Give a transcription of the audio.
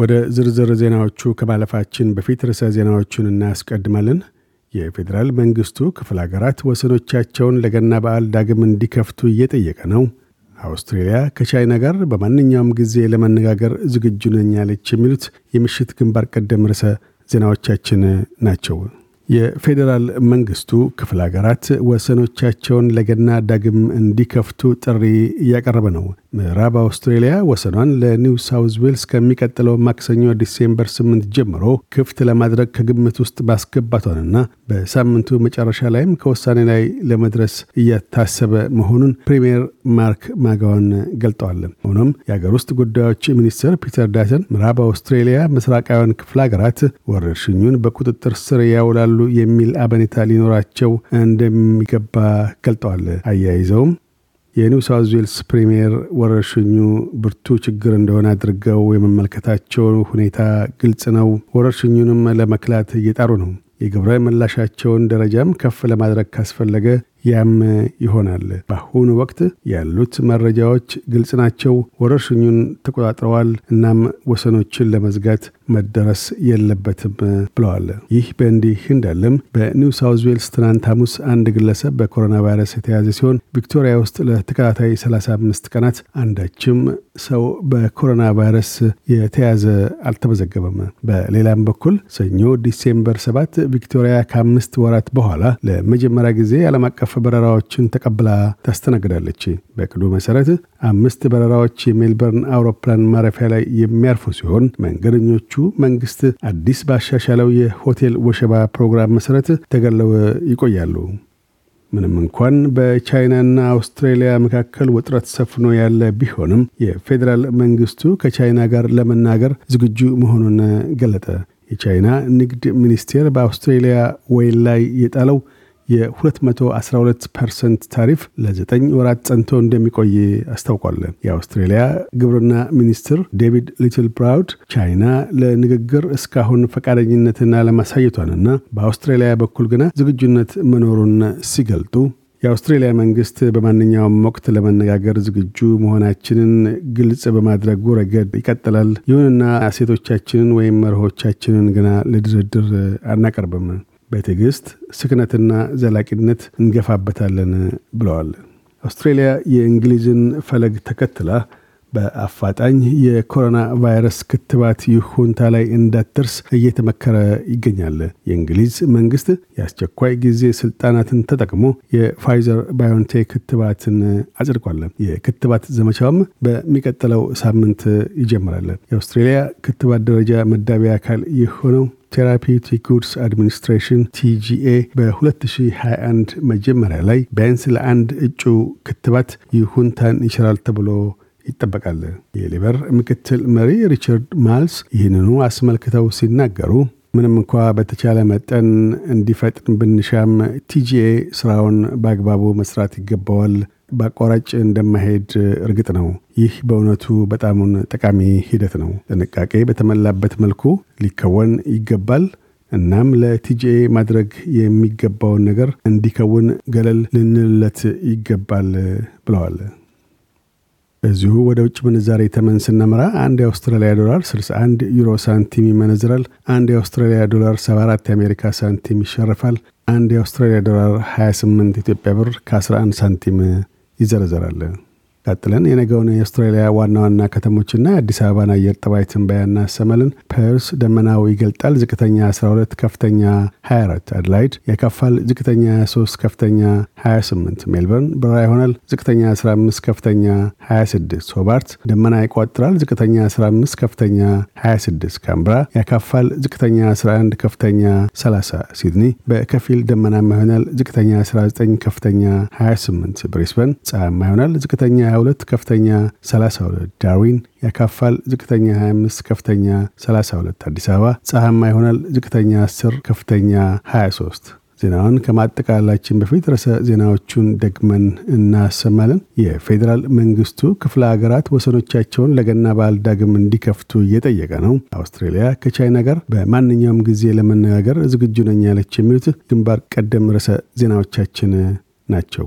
ወደ ዝርዝር ዜናዎቹ ከማለፋችን በፊት ርዕሰ ዜናዎቹን እናስቀድማለን። የፌዴራል መንግስቱ ክፍል አገራት ወሰኖቻቸውን ለገና በዓል ዳግም እንዲከፍቱ እየጠየቀ ነው። አውስትሬልያ ከቻይና ጋር በማንኛውም ጊዜ ለመነጋገር ዝግጁ ነኝ የሚሉት የምሽት ግንባር ቀደም ርዕሰ ዜናዎቻችን ናቸው። የፌዴራል መንግስቱ ክፍለ ሀገራት ወሰኖቻቸውን ለገና ዳግም እንዲከፍቱ ጥሪ እያቀረበ ነው። ምዕራብ አውስትሬልያ ወሰኗን ለኒው ሳውዝ ዌልስ ከሚቀጥለው ማክሰኞ ዲሴምበር 8 ጀምሮ ክፍት ለማድረግ ከግምት ውስጥ ባስገባቷንና በሳምንቱ መጨረሻ ላይም ከውሳኔ ላይ ለመድረስ እያታሰበ መሆኑን ፕሪምየር ማርክ ማጋዋን ገልጠዋል። ሆኖም የአገር ውስጥ ጉዳዮች ሚኒስትር ፒተር ዳተን ምዕራብ አውስትሬልያ ምስራቃውያን ክፍል ሀገራት ወረርሽኙን በቁጥጥር ስር ያውላሉ ይችላሉ የሚል አበኔታ ሊኖራቸው እንደሚገባ ገልጠዋል። አያይዘውም የኒው ሳውዝ ዌልስ ፕሪምየር ወረርሽኙ ብርቱ ችግር እንደሆነ አድርገው የመመልከታቸው ሁኔታ ግልጽ ነው። ወረርሽኙንም ለመክላት እየጣሩ ነው። የግብራዊ ምላሻቸውን ደረጃም ከፍ ለማድረግ ካስፈለገ ያም ይሆናል። በአሁኑ ወቅት ያሉት መረጃዎች ግልጽ ናቸው። ወረርሽኙን ተቆጣጥረዋል። እናም ወሰኖችን ለመዝጋት መደረስ የለበትም ብለዋል። ይህ በእንዲህ እንዳለም በኒው ሳውዝ ዌልስ ትናንት ሐሙስ አንድ ግለሰብ በኮሮና ቫይረስ የተያዘ ሲሆን ቪክቶሪያ ውስጥ ለተከታታይ 35 ቀናት አንዳችም ሰው በኮሮና ቫይረስ የተያዘ አልተመዘገበም። በሌላም በኩል ሰኞ ዲሴምበር 7 ቪክቶሪያ ከአምስት ወራት በኋላ ለመጀመሪያ ጊዜ ዓለም አቀፍ በረራዎችን ተቀብላ ታስተናግዳለች። በቅዱ መሠረት አምስት በረራዎች የሜልበርን አውሮፕላን ማረፊያ ላይ የሚያርፉ ሲሆን መንገደኞቹ መንግሥት አዲስ ባሻሻለው የሆቴል ወሸባ ፕሮግራም መሠረት ተገለው ይቆያሉ። ምንም እንኳን በቻይናና አውስትራሊያ መካከል ውጥረት ሰፍኖ ያለ ቢሆንም የፌዴራል መንግስቱ ከቻይና ጋር ለመናገር ዝግጁ መሆኑን ገለጠ። የቻይና ንግድ ሚኒስቴር በአውስትሬሊያ ወይን ላይ የጣለው የ212 ፐርሰንት ታሪፍ ለዘጠኝ ወራት ጸንቶ እንደሚቆይ አስታውቋል። የአውስትሬሊያ ግብርና ሚኒስትር ዴቪድ ሊትል ብራውድ ቻይና ለንግግር እስካሁን ፈቃደኝነትን አለማሳየቷንና በአውስትሬሊያ በኩል ግና ዝግጁነት መኖሩን ሲገልጡ የአውስትሬሊያ መንግስት በማንኛውም ወቅት ለመነጋገር ዝግጁ መሆናችንን ግልጽ በማድረጉ ረገድ ይቀጥላል። ይሁንና እሴቶቻችንን ወይም መርሆቻችንን ግና ለድርድር አናቀርብም። በትዕግስት ስክነትና ዘላቂነት እንገፋበታለን ብለዋል። አውስትሬልያ የእንግሊዝን ፈለግ ተከትላ በአፋጣኝ የኮሮና ቫይረስ ክትባት ይሁንታ ላይ እንዳትደርስ እየተመከረ ይገኛል። የእንግሊዝ መንግስት የአስቸኳይ ጊዜ ስልጣናትን ተጠቅሞ የፋይዘር ባዮንቴክ ክትባትን አጽድቋል። የክትባት ዘመቻውም በሚቀጥለው ሳምንት ይጀምራል። የአውስትሬልያ ክትባት ደረጃ መዳቢያ አካል የሆነው ቴራፒውቲክ ጉድስ አድሚኒስትሬሽን ቲጂኤ በ2021 መጀመሪያ ላይ ቢያንስ ለአንድ እጩ ክትባት ይሁንታን ይችላል ተብሎ ይጠበቃል። የሊበር ምክትል መሪ ሪቻርድ ማልስ ይህንኑ አስመልክተው ሲናገሩ ምንም እንኳ በተቻለ መጠን እንዲፈጥን ብንሻም ቲጂኤ ስራውን በአግባቡ መስራት ይገባዋል። በአቋራጭ እንደማሄድ እርግጥ ነው። ይህ በእውነቱ በጣሙን ጠቃሚ ሂደት ነው። ጥንቃቄ በተሞላበት መልኩ ሊከወን ይገባል። እናም ለቲጂኤ ማድረግ የሚገባውን ነገር እንዲከውን ገለል ልንልለት ይገባል ብለዋል። እዚሁ ወደ ውጭ ምንዛሬ ተመን ስናመራ አንድ የአውስትራሊያ ዶላር 61 ዩሮ ሳንቲም ይመነዝራል። አንድ የአውስትራሊያ ዶላር 74 የአሜሪካ ሳንቲም ይሸርፋል። አንድ የአውስትራሊያ ዶላር 28 ኢትዮጵያ ብር ከ11 ሳንቲም ይዘረዘራል። ቀጥለን የነገውን የአውስትራሊያ ዋና ዋና ከተሞችና የአዲስ አበባን አየር ጥባይ ትንበያ እናሰማለን። ፐርስ ደመናው ይገልጣል። ዝቅተኛ 12፣ ከፍተኛ 24። አድላይድ ያካፋል። ዝቅተኛ 23፣ ከፍተኛ 28። ሜልበርን ብራ ይሆናል። ዝቅተኛ 15፣ ከፍተኛ 26። ሆባርት ደመና ይቋጥራል። ዝቅተኛ 15፣ ከፍተኛ 26። ካምብራ ያካፋል። ዝቅተኛ 11፣ ከፍተኛ 30። ሲድኒ በከፊል ደመናማ ይሆናል። ዝቅተኛ 19፣ ከፍተኛ 28። ብሪስበን ፀሐያማ ይሆናል። ዝቅተኛ 22 ከፍተኛ 32 ዳርዊን ያካፋል። ዝቅተኛ 25 ከፍተኛ 32 አዲስ አበባ ፀሐማ ይሆናል። ዝቅተኛ 10 ከፍተኛ 23 ዜናውን ከማጠቃላላችን በፊት ርዕሰ ዜናዎቹን ደግመን እናሰማለን። የፌዴራል መንግስቱ ክፍለ ሀገራት ወሰኖቻቸውን ለገና በዓል ዳግም እንዲከፍቱ እየጠየቀ ነው። አውስትራሊያ ከቻይና ጋር በማንኛውም ጊዜ ለመነጋገር ዝግጁ ነኝ ያለች የሚሉት ግንባር ቀደም ርዕሰ ዜናዎቻችን ናቸው።